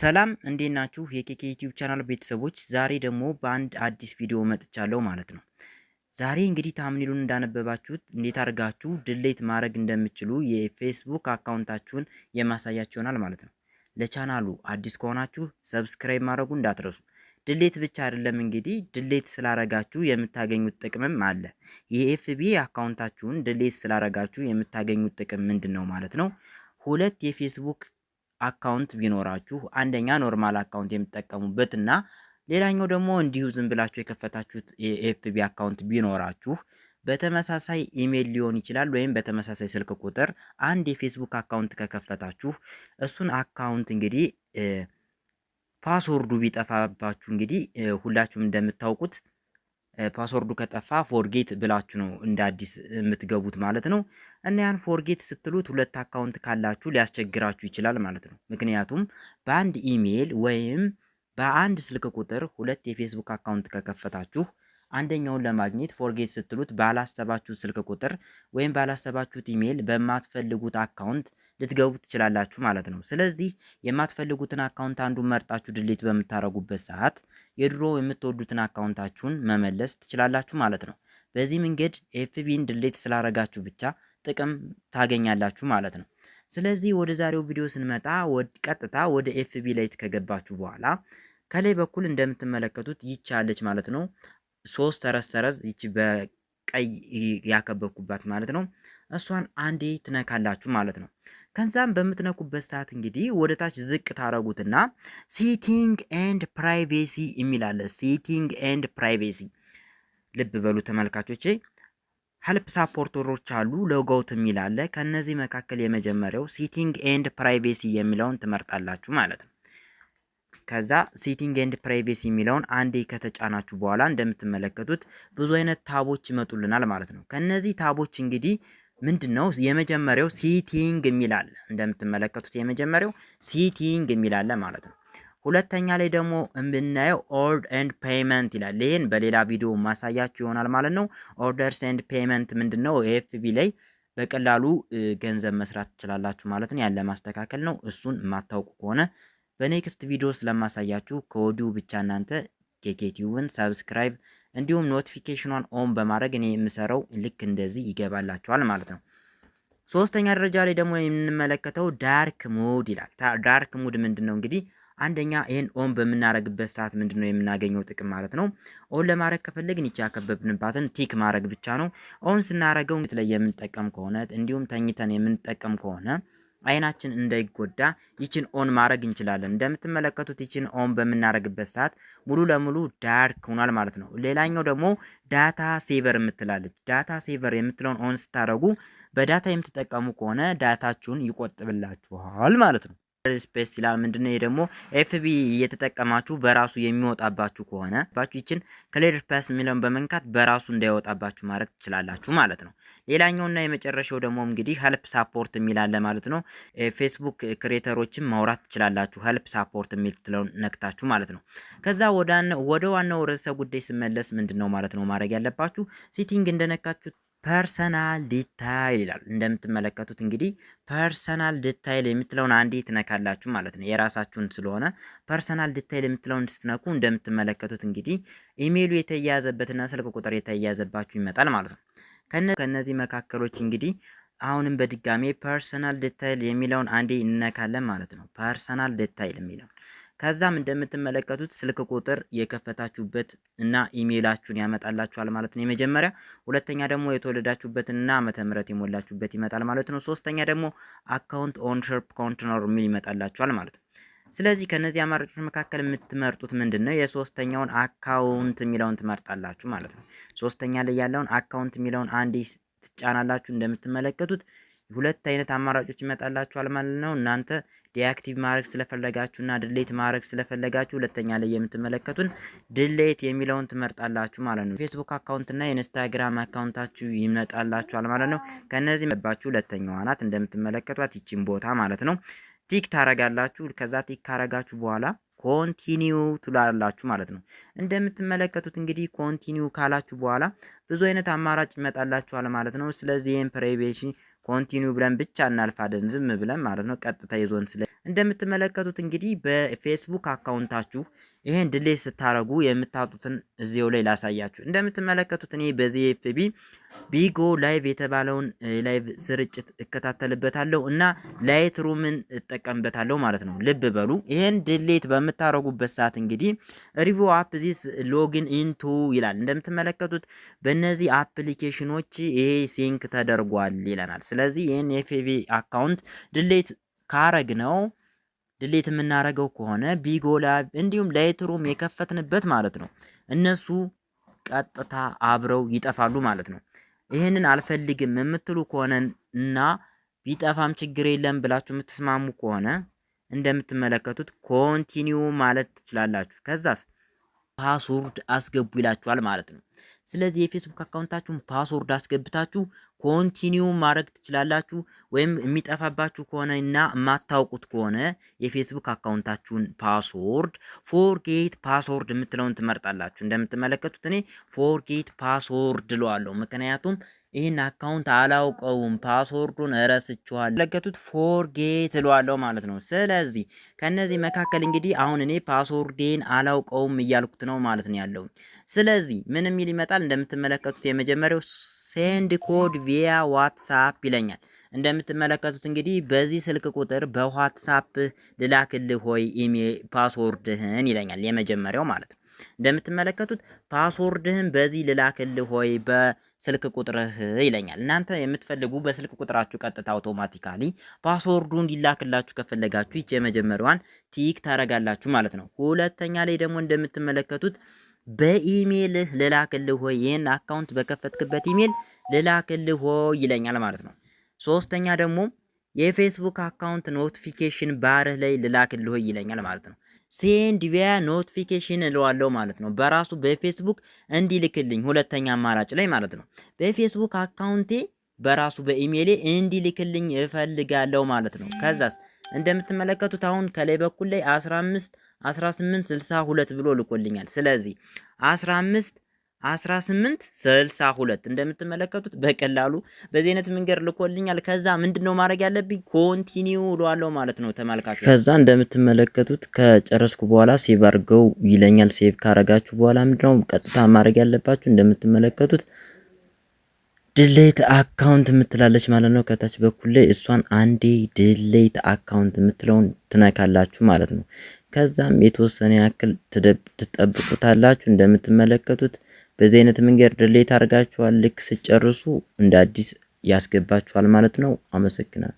ሰላም እንዴት ናችሁ? የኬኬ ዩቲዩብ ቻናል ቤተሰቦች፣ ዛሬ ደግሞ በአንድ አዲስ ቪዲዮ መጥቻለሁ ማለት ነው። ዛሬ እንግዲህ ታምኒሉን እንዳነበባችሁት እንዴት አድርጋችሁ ድሌት ማድረግ እንደምችሉ የፌስቡክ አካውንታችሁን የማሳያችሁ ይሆናል ማለት ነው። ለቻናሉ አዲስ ከሆናችሁ ሰብስክራይብ ማድረጉ እንዳትረሱ። ድሌት ብቻ አይደለም እንግዲህ ድሌት ስላረጋችሁ የምታገኙት ጥቅምም አለ። የኤፍቢ አካውንታችሁን ድሌት ስላረጋችሁ የምታገኙት ጥቅም ምንድን ነው ማለት ነው? ሁለት የፌስቡክ አካውንት ቢኖራችሁ አንደኛ ኖርማል አካውንት የምትጠቀሙበት እና ሌላኛው ደግሞ እንዲሁ ዝም ብላችሁ የከፈታችሁት የኤፍቢ አካውንት ቢኖራችሁ በተመሳሳይ ኢሜይል ሊሆን ይችላል ወይም በተመሳሳይ ስልክ ቁጥር አንድ የፌስቡክ አካውንት ከከፈታችሁ እሱን አካውንት እንግዲህ ፓስወርዱ ቢጠፋባችሁ እንግዲህ ሁላችሁም እንደምታውቁት ፓስወርዱ ከጠፋ ፎርጌት ብላችሁ ነው እንደ አዲስ የምትገቡት ማለት ነው። እና ያን ፎርጌት ስትሉት ሁለት አካውንት ካላችሁ ሊያስቸግራችሁ ይችላል ማለት ነው። ምክንያቱም በአንድ ኢሜይል ወይም በአንድ ስልክ ቁጥር ሁለት የፌስቡክ አካውንት ከከፈታችሁ አንደኛውን ለማግኘት ፎርጌት ስትሉት ባላሰባችሁት ስልክ ቁጥር ወይም ባላሰባችሁት ኢሜይል በማትፈልጉት አካውንት ልትገቡ ትችላላችሁ ማለት ነው። ስለዚህ የማትፈልጉትን አካውንት አንዱ መርጣችሁ ድሌት በምታደርጉበት ሰዓት የድሮ የምትወዱትን አካውንታችሁን መመለስ ትችላላችሁ ማለት ነው። በዚህ መንገድ ኤፍቢን ድሌት ስላረጋችሁ ብቻ ጥቅም ታገኛላችሁ ማለት ነው። ስለዚህ ወደ ዛሬው ቪዲዮ ስንመጣ ቀጥታ ወደ ኤፍቢ ላይት ከገባችሁ በኋላ ከላይ በኩል እንደምትመለከቱት ይቻለች ማለት ነው ሶስት ተረስ ሰረዝ ይቺ በቀይ ያከበብኩባት ማለት ነው። እሷን አንዴ ትነካላችሁ ማለት ነው። ከዛም በምትነኩበት ሰዓት እንግዲህ ወደ ታች ዝቅ ታረጉትና ሴቲንግ ኤንድ ፕራይቬሲ የሚላለ ሴቲንግ ኤንድ ፕራይቬሲ ልብ በሉ ተመልካቾቼ። ሀልፕ ሳፖርተሮች አሉ፣ ሎጋውት የሚላለ ከእነዚህ መካከል የመጀመሪያው ሴቲንግ ኤንድ ፕራይቬሲ የሚለውን ትመርጣላችሁ ማለት ነው። ከዛ ሲቲንግ ኤንድ ፕራይቬሲ የሚለውን አንዴ ከተጫናችሁ በኋላ እንደምትመለከቱት ብዙ አይነት ታቦች ይመጡልናል ማለት ነው። ከነዚህ ታቦች እንግዲህ ምንድን ነው የመጀመሪያው ሲቲንግ የሚላል እንደምትመለከቱት የመጀመሪያው ሲቲንግ የሚላለ ማለት ነው። ሁለተኛ ላይ ደግሞ የምናየው ኦርድ ኤንድ ፔመንት ይላል። ይህን በሌላ ቪዲዮ ማሳያችሁ ይሆናል ማለት ነው። ኦርደርስ ኤንድ ፔመንት ምንድን ነው? ኤፍቢ ላይ በቀላሉ ገንዘብ መስራት ትችላላችሁ ማለት ነው። ያለ ማስተካከል ነው። እሱን የማታውቁ ከሆነ በኔክስት ቪዲዮ ስለማሳያችሁ ከወዲሁ ብቻ እናንተ ኬኬቲውን ሰብስክራይብ እንዲሁም ኖቲፊኬሽኗን ኦን በማድረግ እኔ የምሰራው ልክ እንደዚህ ይገባላችኋል ማለት ነው። ሶስተኛ ደረጃ ላይ ደግሞ የምንመለከተው ዳርክ ሙድ ይላል። ዳርክ ሙድ ምንድን ነው እንግዲህ አንደኛ ይህን ኦን በምናደረግበት ሰዓት ምንድን ነው የምናገኘው ጥቅም ማለት ነው። ኦን ለማድረግ ከፈለግን ይቺ ያከበብንባትን ቲክ ማድረግ ብቻ ነው። ኦን ስናደረገው ላይ የምንጠቀም ከሆነ እንዲሁም ተኝተን የምንጠቀም ከሆነ አይናችን እንዳይጎዳ ይችን ኦን ማድረግ እንችላለን። እንደምትመለከቱት ይችን ኦን በምናደርግበት ሰዓት ሙሉ ለሙሉ ዳርክ ሆኗል ማለት ነው። ሌላኛው ደግሞ ዳታ ሴቨር የምትላለች። ዳታ ሴቨር የምትለውን ኦን ስታደርጉ በዳታ የምትጠቀሙ ከሆነ ዳታችሁን ይቆጥብላችኋል ማለት ነው። ስፔስ ይላል። ምንድነው ይሄ ደግሞ ኤፍቢ እየተጠቀማችሁ በራሱ የሚወጣባችሁ ከሆነ ባችሁ ይችን ክሌር ፓስ የሚለውን በመንካት በራሱ እንዳይወጣባችሁ ማድረግ ትችላላችሁ ማለት ነው። ሌላኛውና የመጨረሻው ደግሞ እንግዲህ ሄልፕ ሳፖርት የሚላለ ማለት ነው። ፌስቡክ ክሬተሮችን ማውራት ትችላላችሁ ሄልፕ ሳፖርት የሚል ነክታችሁ ማለት ነው። ከዛ ወደ ዋናው ርዕሰ ጉዳይ ስመለስ ምንድን ነው ማለት ነው ማድረግ ያለባችሁ ሲቲንግ እንደነካችሁ ፐርሰናል ዲታይል ይላል እንደምትመለከቱት እንግዲህ ፐርሰናል ዲታይል የምትለውን አንዴ ትነካላችሁ ማለት ነው። የራሳችሁን ስለሆነ ፐርሰናል ዲታይል የምትለውን ስትነኩ እንደምትመለከቱት እንግዲህ ኢሜይሉ የተያያዘበትና ስልክ ቁጥር የተያያዘባችሁ ይመጣል ማለት ነው። ከነዚህ መካከሎች እንግዲህ አሁንም በድጋሜ ፐርሰናል ዲታይል የሚለውን አንዴ እንነካለን ማለት ነው። ፐርሰናል ዲታይል የሚለውን ከዛም እንደምትመለከቱት ስልክ ቁጥር የከፈታችሁበት እና ኢሜይላችሁን ያመጣላችኋል ማለት ነው። የመጀመሪያ ሁለተኛ ደግሞ የተወለዳችሁበትና ዓመተ ምሕረት የሞላችሁበት ይመጣል ማለት ነው። ሶስተኛ ደግሞ አካውንት ኦንሸርፕ ኮንትነር የሚል ይመጣላችኋል ማለት ነው። ስለዚህ ከነዚህ አማራጮች መካከል የምትመርጡት ምንድን ነው? የሶስተኛውን አካውንት የሚለውን ትመርጣላችሁ ማለት ነው። ሶስተኛ ላይ ያለውን አካውንት የሚለውን አንዴ ትጫናላችሁ እንደምትመለከቱት ሁለት አይነት አማራጮች ይመጣላችኋል ማለት ነው። እናንተ ዲአክቲቭ ማድረግ ስለፈለጋችሁና ድሌት ማድረግ ስለፈለጋችሁ ሁለተኛ ላይ የምትመለከቱን ድሌት የሚለውን ትመርጣላችሁ ማለት ነው። ፌስቡክ አካውንትና የኢንስታግራም አካውንታችሁ ይመጣላችኋል ማለት ነው። ከእነዚህ መባችሁ ሁለተኛዋ ናት እንደምትመለከቷት ይቺን ቦታ ማለት ነው። ቲክ ታረጋላችሁ። ከዛ ቲክ ካረጋችሁ በኋላ ኮንቲኒው ትላላችሁ ማለት ነው። እንደምትመለከቱት እንግዲህ ኮንቲኒው ካላችሁ በኋላ ብዙ አይነት አማራጭ ይመጣላችኋል ማለት ነው። ስለዚህ ይህን ፕራይቬሲ ኮንቲኒው ብለን ብቻ እናልፋለን። ዝም ብለን ማለት ነው ቀጥታ ይዞን ስለ እንደምትመለከቱት እንግዲህ በፌስቡክ አካውንታችሁ ይሄን ድሌ ስታረጉ የምታጡትን እዚው ላይ ላሳያችሁ። እንደምትመለከቱት እኔ በዚህ ኤፍቢ ቢጎ ላይቭ የተባለውን ላይቭ ስርጭት እከታተልበታለሁ እና ላይት ሩምን እጠቀምበታለሁ ማለት ነው። ልብ በሉ ይህን ድሌት በምታደርጉበት ሰዓት እንግዲህ ሪቪ አፕ ዚስ ሎግን ኢንቱ ይላል። እንደምትመለከቱት በእነዚህ አፕሊኬሽኖች ይሄ ሲንክ ተደርጓል ይለናል። ስለዚህ ይህን የኤፍቢ አካውንት ድሌት ካረግ ነው ድሌት የምናረገው ከሆነ ቢጎ ላይቭ እንዲሁም ላይት ሩም የከፈትንበት ማለት ነው እነሱ ቀጥታ አብረው ይጠፋሉ ማለት ነው። ይህንን አልፈልግም የምትሉ ከሆነ እና ቢጠፋም ችግር የለም ብላችሁ የምትስማሙ ከሆነ እንደምትመለከቱት ኮንቲኒዩ ማለት ትችላላችሁ። ከዛስ ፓስወርድ አስገቡ ይላችኋል ማለት ነው። ስለዚህ የፌስቡክ አካውንታችሁን ፓስወርድ አስገብታችሁ ኮንቲኒው ማድረግ ትችላላችሁ። ወይም የሚጠፋባችሁ ከሆነ እና የማታውቁት ከሆነ የፌስቡክ አካውንታችሁን ፓስወርድ ፎርጌት ፓስወርድ የምትለውን ትመርጣላችሁ። እንደምትመለከቱት እኔ ፎርጌት ፓስወርድ እለዋለሁ፣ ምክንያቱም ይህን አካውንት አላውቀውም ፓስወርዱን ረስቼዋለሁ ለገቱት ፎርጌት እለዋለሁ ማለት ነው። ስለዚህ ከነዚህ መካከል እንግዲህ አሁን እኔ ፓስወርዴን አላውቀውም እያልኩት ነው ማለት ነው ያለው። ስለዚህ ምን የሚል ይመጣል? እንደምትመለከቱት የመጀመሪያው ሴንድ ኮድ ቪያ ዋትሳፕ ይለኛል። እንደምትመለከቱት እንግዲህ በዚህ ስልክ ቁጥር በዋትሳፕ ልላክልህ ሆይ ኢሜ ፓስወርድህን ይለኛል። የመጀመሪያው ማለት ነው። እንደምትመለከቱት ፓስወርድህን በዚህ ልላክልህ ሆይ በ ስልክ ቁጥርህ ይለኛል። እናንተ የምትፈልጉ በስልክ ቁጥራችሁ ቀጥታ አውቶማቲካሊ ፓስወርዱ እንዲላክላችሁ ከፈለጋችሁ ይች የመጀመሪያዋን ቲክ ታረጋላችሁ ማለት ነው። ሁለተኛ ላይ ደግሞ እንደምትመለከቱት በኢሜልህ ልላክልህ ሆይ ይህን አካውንት በከፈትክበት ኢሜል ልላክልህ ሆይ ይለኛል ማለት ነው። ሶስተኛ ደግሞ የፌስቡክ አካውንት ኖቲፊኬሽን ባርህ ላይ ልላክልህ ሆይ ይለኛል ማለት ነው። ሴንድ ቪያ ኖቲፊኬሽን እለዋለሁ ማለት ነው። በራሱ በፌስቡክ እንዲልክልኝ ሁለተኛ አማራጭ ላይ ማለት ነው። በፌስቡክ አካውንቴ በራሱ በኢሜይሌ እንዲልክልኝ እፈልጋለሁ ማለት ነው። ከዛስ እንደምትመለከቱት አሁን ከላይ በኩል ላይ 15 18 62 ብሎ ልኮልኛል። ስለዚህ 15 1862 እንደምትመለከቱት በቀላሉ በዚህ አይነት መንገድ ልኮልኛል። ከዛ ምንድነው ማድረግ ያለብኝ ኮንቲኒው ሏለው ማለት ነው ተመልካቹ። ከዛ እንደምትመለከቱት ከጨረስኩ በኋላ ሴቭ አድርገው ይለኛል። ሴቭ ካረጋችሁ በኋላ ምንድነው ቀጥታ ማድረግ ያለባችሁ እንደምትመለከቱት ድሌት አካውንት የምትላለች ማለት ነው ከታች በኩል ላይ እሷን አንዴ ድሌት አካውንት የምትለውን ትነካላችሁ ማለት ነው። ከዛም የተወሰነ ያክል ትጠብቁታላችሁ እንደምትመለከቱት በዚህ አይነት መንገድ ድሌት አድርጋችኋል ልክ ስጨርሱ እንደ አዲስ ያስገባችኋል ማለት ነው። አመሰግናለሁ።